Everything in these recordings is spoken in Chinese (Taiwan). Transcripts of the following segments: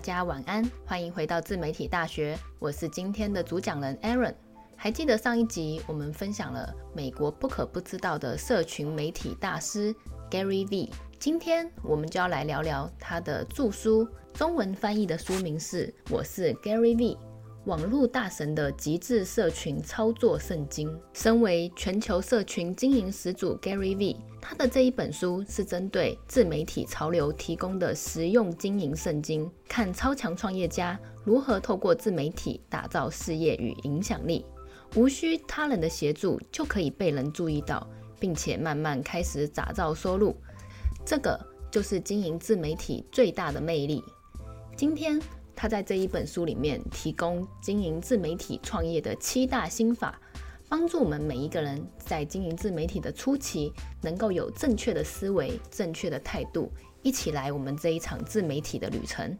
大家晚安，歡迎回到自媒體大學，我是今天的主講人艾琳。還記得上一集我們分享了美國不可不知道的社群媒體大師 Gary Vee。今天我們就要來聊聊他的著書，中文翻譯的書名是《我是 Gary Vee》。網絡大神的極致社群操作聖經。身為全球社群經營始祖 Gary Vee，他的這一本書是針對自媒體潮流提供的實用經營聖經。看超強創業家如何透過自媒體打造事業與影響力，無需他人的協助就可以被人注意到，並且慢慢開始打造收入。這個就是經營自媒體最大的魅力。今天。他在這一本書裡面提供經營自媒體創業的七大心法，幫助我們每一個人在經營自媒體的初期能夠有正確的思維、正確的態度，一起來我們這一場自媒體的旅程。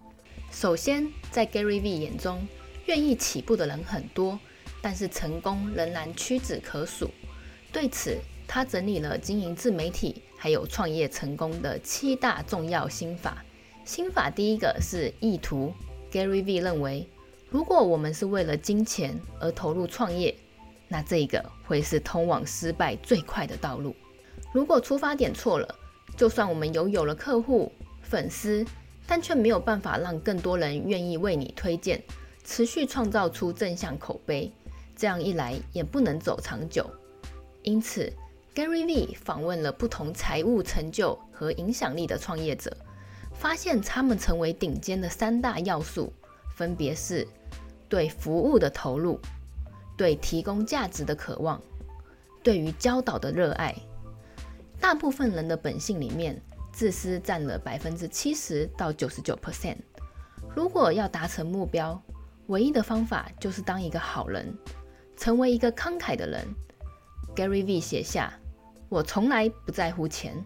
首先，在 Gary Vee 眼中，願意起步的人很多，但是成功仍然屈指可數。對此，他整理了經營自媒體還有創業成功的七大重要心法。心法第一個是意圖。Gary Vee 認為，如果我們是為了金錢而投入創業，那這個會是通往失敗最快的道路。如果出發點錯了，就算我們擁有、有了客戶、粉絲，但卻沒有辦法讓更多人願意為你推薦，持續創造出正向口碑，這樣一來也不能走長久。因此，Gary Vee 訪問了不同財務成就和影響力的創業者。發現他們成為頂尖的三大要素，分別是對服務的投入、對提供價值的渴望、對於教導的熱愛。大部分人的本性裡面，自私占了百分之七十到九十九 percent。如果要達成目標，唯一的方法就是當一個好人，成為一個慷慨的人。Gary Vee 寫下：“我從來不在乎錢。”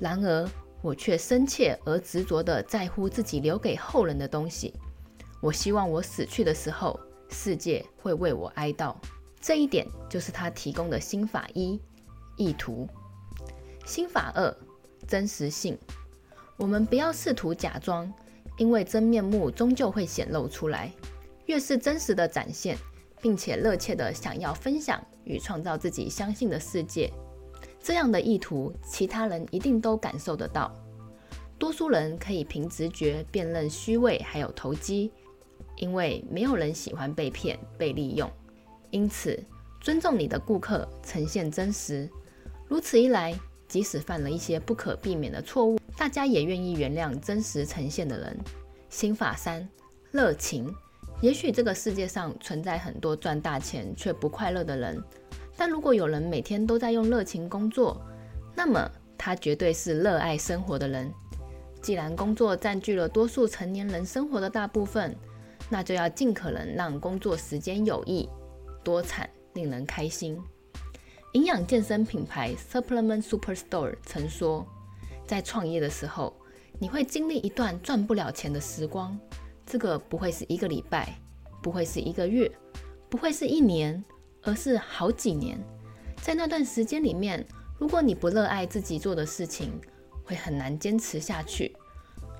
然而，我卻深切而執着地在乎自己留給後人的東西。我希望我死去的時候，世界會為我哀悼。這一點就是他提供的心法一：意圖。心法二：真實性。我們不要試圖假裝，因為真面目終究會顯露出來。越是真實的展現，並且熱切地想要分享與創造自己相信的世界。這樣的意圖，其他人一定都感受得到。多數人可以憑直覺辨認虛偽還有投機，因為沒有人喜歡被騙、被利用。因此，尊重你的顧客，呈現真實。如此一來，即使犯了一些不可避免的錯誤，大家也願意原諒真實呈現的人。心法三：熱情。也許這個世界上存在很多賺大錢卻不快樂的人。但如果有人每天都在用熱情工作，那麼他絕對是熱愛生活的人。既然工作占據了多數成年人生活的大部分，那就要盡可能讓工作時間有益、多產、令人開心。營養健身品牌 Supplement Superstore 曾說，在創業的時候，你會經歷一段賺不了錢的時光。這個不會是一個禮拜，不會是一個月，不會是一年。而是好幾年，在那段時間裡面，如果你不熱愛自己做的事情，會很難堅持下去。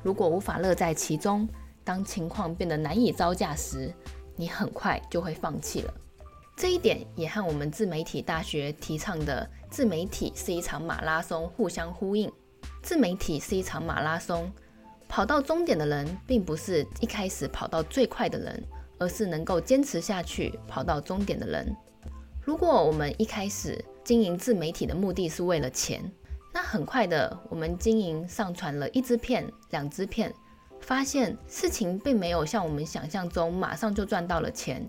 如果無法樂在其中，當情況變得難以招架時，你很快就會放棄了。這一點也和我們自媒體大學提倡的“自媒體是一場馬拉松”互相呼應。自媒體是一場馬拉松，跑到終點的人，並不是一開始跑到最快的人，而是能夠堅持下去跑到終點的人。如果我們一開始經營自媒體的目的是為了錢，那很快的，我們經營上傳了一支片、兩支片，發現事情並沒有像我們想象中馬上就賺到了錢。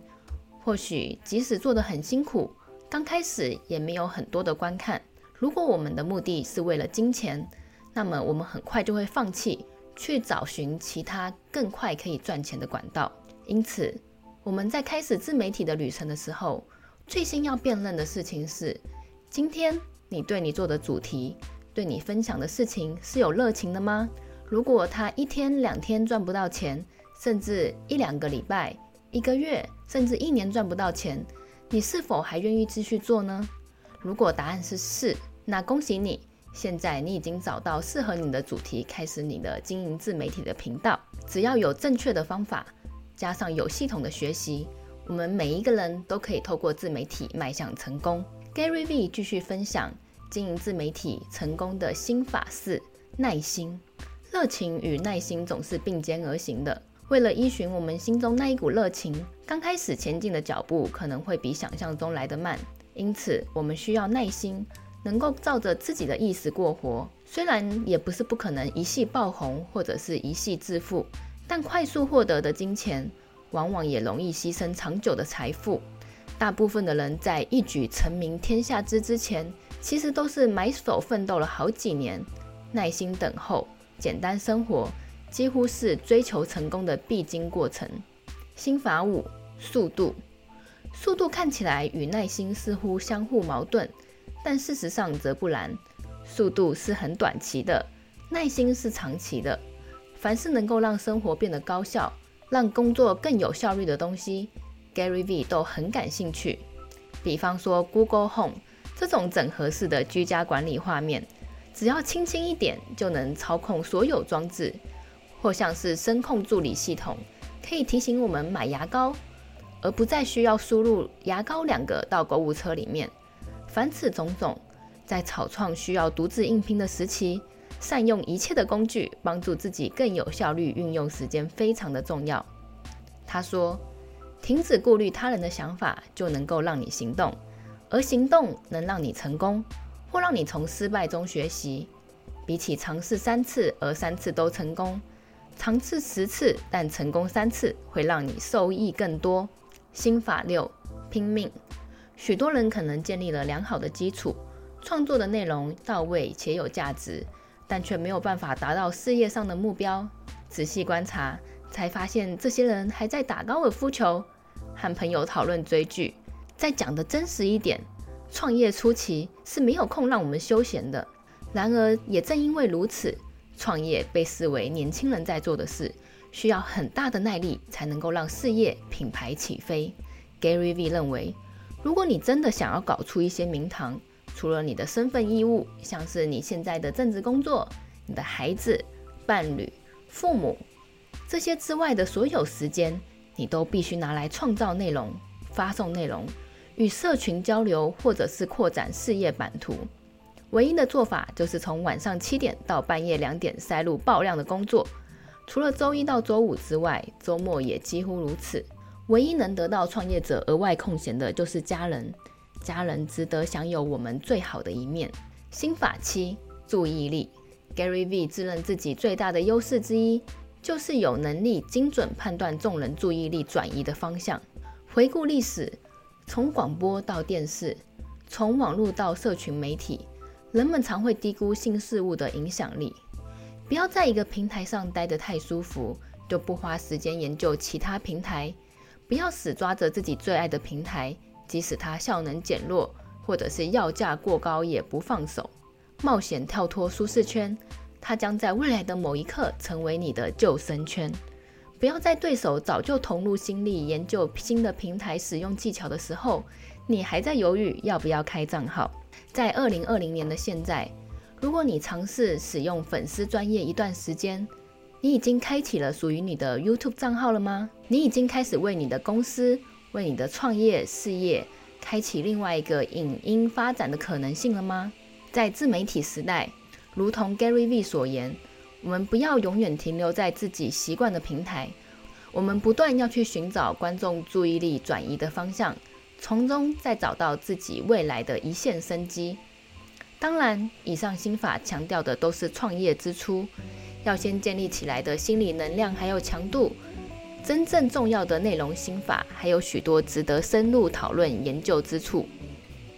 或許即使做得很辛苦，剛開始也沒有很多的觀看。如果我們的目的是為了金錢，那麼我們很快就會放棄，去找尋其他更快可以賺錢的管道。因此，我們在開始自媒體的旅程的時候。最新要辨認的事情是：今天你對你做的主題，對你分享的事情是有熱情的嗎？如果他一天、兩天賺不到錢，甚至一兩個禮拜、一個月，甚至一年賺不到錢，你是否還願意繼續做呢？如果答案是是，那恭喜你，現在你已經找到適合你的主題，開始你的經營自媒體的頻道。只要有正確的方法，加上有系統的學習。我們每一個人都可以透過自媒體邁向成功。Gary Vee 繼續分享經營自媒體成功的心法四：耐心。熱情與耐心總是並肩而行的。為了依循我們心中那一股熱情，剛開始前進的腳步可能會比想象中來得慢，因此我們需要耐心，能夠照着自己的意思過活。雖然也不是不可能一夕爆紅，或者是一夕致富，但快速獲得的金錢。往往也容易犧牲長久的財富。大部分的人在一舉成名天下知之前，其實都是埋首奮鬥了好幾年，耐心等候，簡單生活，幾乎是追求成功的必經過程。心法五：速度。速度看起來與耐心似乎相互矛盾，但事實上則不然。速度是很短期的，耐心是長期的。凡是能夠讓生活變得高效。讓工作更有效率的東西，Gary V 都很感興趣。比方說 Google Home 這種整合式的居家管理畫面，只要輕輕一點就能操控所有裝置；或像是聲控助理系統，可以提醒我們買牙膏，而不再需要輸入“牙膏”兩個到購物車裡面。凡此種種，在草創需要獨自硬拼的時期。善用一切的工具，幫助自己更有效率運用時間，非常的重要。他說：“停止顧慮他人的想法，就能夠讓你行動，而行動能讓你成功，或讓你從失敗中學習。比起嘗試三次而三次都成功，嘗試十次但成功三次，會讓你受益更多。”心法六：拼命。許多人可能建立了良好的基礎，創作的內容到位且有價值。但卻沒有辦法達到事業上的目標。仔細觀察，才發現這些人還在打高爾夫球，和朋友討論追劇。再講得真實一點，創業初期是沒有空讓我們休閒的。然而，也正因為如此，創業被視為年輕人在做的事，需要很大的耐力才能夠讓事業品牌起飛。Gary Vee 認為，如果你真的想要搞出一些名堂，除了你的身份義務，像是你現在的正職工作、你的孩子、伴侶、父母這些之外的所有時間，你都必須拿來創造內容、發送內容、與社群交流，或者是擴展事業版圖。唯一的做法就是從晚上七點到半夜兩點塞入爆量的工作，除了周一到周五之外，周末也幾乎如此。唯一能得到創業者額外空閒的，就是家人。家人值得享有我們最好的一面。心法七：注意力。Gary Vee 自認自己最大的優勢之一，就是有能力精準判斷眾人注意力轉移的方向。回顧歷史，從廣播到電視，從網絡到社群媒體，人們常會低估新事物的影響力。不要在一個平台上待得太舒服，就不花時間研究其他平台。不要死抓着自己最愛的平台。即使它效能減弱，或者是要價過高，也不放手，冒險跳脫舒適圈。它將在未來的某一刻成為你的救生圈。不要在對手早就投入心力研究新的平台使用技巧的時候，你還在猶豫要不要開賬號。在二零二零年的現在，如果你嘗試使用粉絲專頁一段時間，你已經開啟了屬於你的 YouTube 賬號了嗎？你已經開始為你的公司。為你的創業事業開啟另外一個影音發展的可能性了嗎？在自媒體時代，如同 Gary Vee 所言，我們不要永遠停留在自己習慣的平台，我們不斷要去尋找觀眾注意力轉移的方向，從中再找到自己未來的一線生機。當然，以上心法強調的都是創業之初要先建立起來的心理能量還有強度。真正重要的內容心法還有許多值得深入討論研究之處。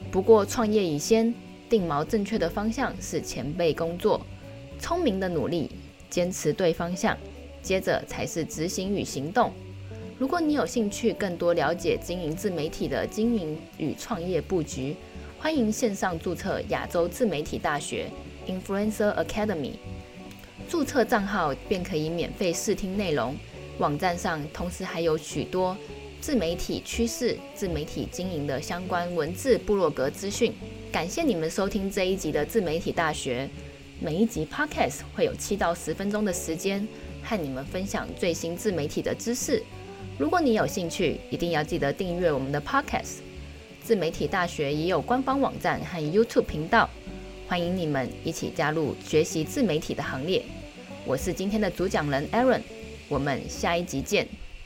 不過，創業以先，定錨正確的方向是前輩工作，聰明的努力，堅持對方向，接着才是執行與行動。如果你有興趣更多了解經營自媒體的經營與創業佈局，歡迎線上注冊亞洲自媒體大學 Influencer Academy，注冊賬號便可以免費試聽內容。網站上，同時還有許多自媒體趨勢、自媒體經營的相關文字、部落格資訊。感謝你們收聽這一集的自媒體大學。每一集 Podcast 會有七到十分鐘的時間，和你們分享最新自媒體的知識。如果你有興趣，一定要記得訂閱我們的 Podcast。自媒體大學也有官方網站和 YouTube 頻道，歡迎你們一起加入學習自媒體的行列。我是今天的主講人艾琳。我們下一集見。